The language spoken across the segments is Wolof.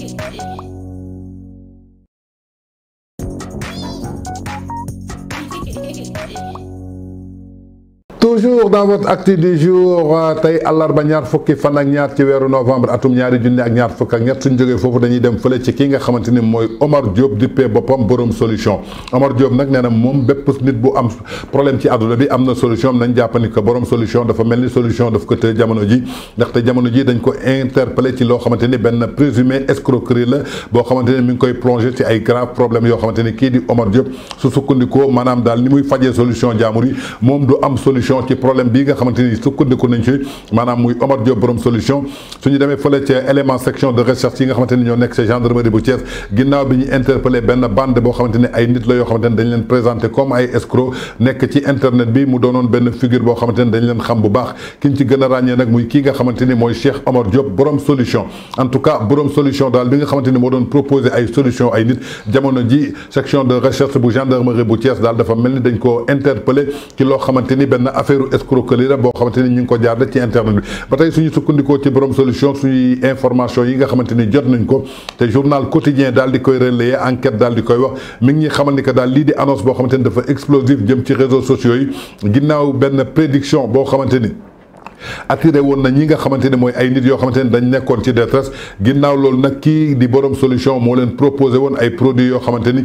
Thank you. toujours dans votre acte du jour euh, tey àllarba ñaar fukki fan ak ñaar ci weeru novembre atum ñaari junni ak ñaar fukk ak ñett suñ jógee foofu dañuy dem fële ci ki nga xamante ni Omar Diop dippee boppam borom solution Omar Diop nag nee na moom bépp nit bu am problème ci àdduna bi solution am nañ jàpp ni que borom solution dafa mel solution daf ko tëj jamono ji ndaxte jamono ji dañ ko interpellé ci loo xamante ben présumé escroquerie la boo xamante ni mi ngi koy plongé ci ay grave problème yoo xamante qui dit di Omar Diop su coup maanaam coup, ni muy fajee solution jaamur yi moom du am solution solution ci problème bi nga xamante ni ko nañ ci manam muy Omar Diop borom solution suñu demee fële ci élément section de recherche yi nga xamanteni ñoo nek ci gendarmerie bu Thiès bi ñu interpellé benn bande bo xamanteni ay nit la yo xamanteni dañ leen présenté comme ay escroc nek ci internet bi mu donon ben figure bo xamanteni dañ leen xam bu baax kiñ ci gëna rañé nak muy ki nga xamanteni moy Cheikh Omar Diop borom solution en tout cas borom solution dal bi nga xamanteni mo don proposer ay solution ay nit jamono ji section de recherche bu gendarmerie bu Thiès daal dafa melni dañ ko interpellé ci lo xamanteni ben affaire escroquerie la boo xamante ni ñu ngi ko jaarale ci internet bi ba tey suñu sukkandikoo ci borom solution suñuy information yi nga xamante ni jot nañ ko te journal quotidien daal di koy relayer enquête daal di koy wax mi ñi ñuy xamal ni que daal lii di annonce boo xamante ni dafa explosive jëm ci réseaux sociaux yi ginnaaw benn prédiction boo xamante ni. attiré woon na ñi nga xamante ne mooy ay nit yoo xamante ne dañ nekkoon ci détresse ginnaaw loolu nag kii di borom solution moo leen proposé woon ay produits yoo xamante ni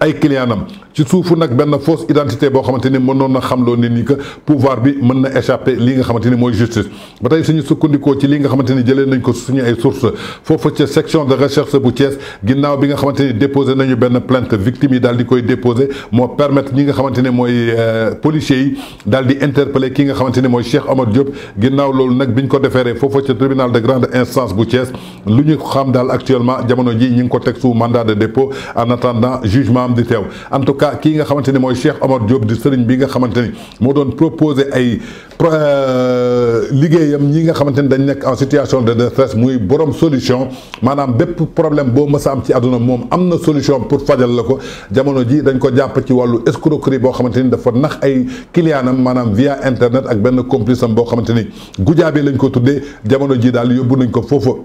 ay clientam ci suufu nak ben fausse identité bo xamanteni ni mënoon na xamloo nit ñi que pouvoir bi mën na échapper li nga xamanteni moy justice batay suñu sukkandikoo ci li nga xamanteni ni nañ ko suñu ay source fofu ci section de recherche bu Thiès ginnaaw bi nga xamanteni déposer nañu ben plainte victime yi daal di koy déposer mo permettre ñi nga xamanteni moy policier euh, policiers yi daal di interpeller ki nga xamanteni moy Cheikh amadou Diop ginnaw lolou nak biñ ko déféré fofu ci tribunal de grande instance bu Thiès lu xam dal actuellement jamono ji ñi ngi ko tek sous mandat de dépôt en attendant jugement am di teew en tout cas kii nga xamante ni mooy Cheikh Omar Diop di sëriñ bi nga xamante ni moo doon proposé ay euh, liggéeyam ñii nga xamante ni dañ nekk en situation de détresse muy borom solution maanaam bépp problème boo mës a am ci àdduna moom am na solution pour fajal la ko jamono ji dañ ko jàpp ci wàllu escroquerie boo xamante ni dafa nax ay clientam maanaam via internet ak benn complice boo xamante ni gujaa bi lañ ko tuddee jamono ji daal yóbbu nañ ko foofu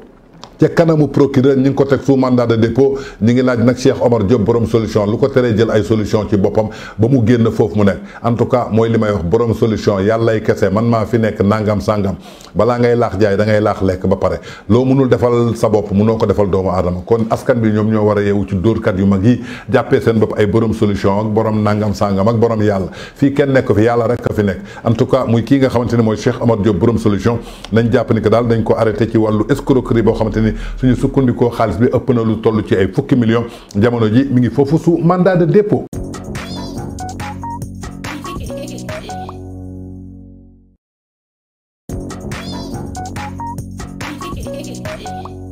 ca kanamu procureur ñi ngi ko teg sous mandat de dépôt ñi ngi laaj nag Cheikh Omar Diop borom solution lu ko teree jël ay solution ci boppam ba mu génn foofu mu nekk en tout cas mooy li may wax borom solution yàllay kese man maa fi nekk nangam sàngam balaa ngay laax jaay da ngay laax lekk ba pare loo mënul defal sa bopp mënoo ko defal doomu aadama kon askan bi ñoom ñoo war a yeewu ci dóorkat yu mag yi jàppee seen bopp ay borom solution ak borom nangam sangam ak borom yàlla fii kenn nekk fi yàlla rek ka fi nekk en tout cas muy kii nga solution nañ jàpp ni ci wàllu escroquerie boo xamante ni suñu sukkandikoo xaalis bi ëpp na lu toll ci ay fukki millions jamono ji mi ngi foofu su mandat de dépôt. Thank you.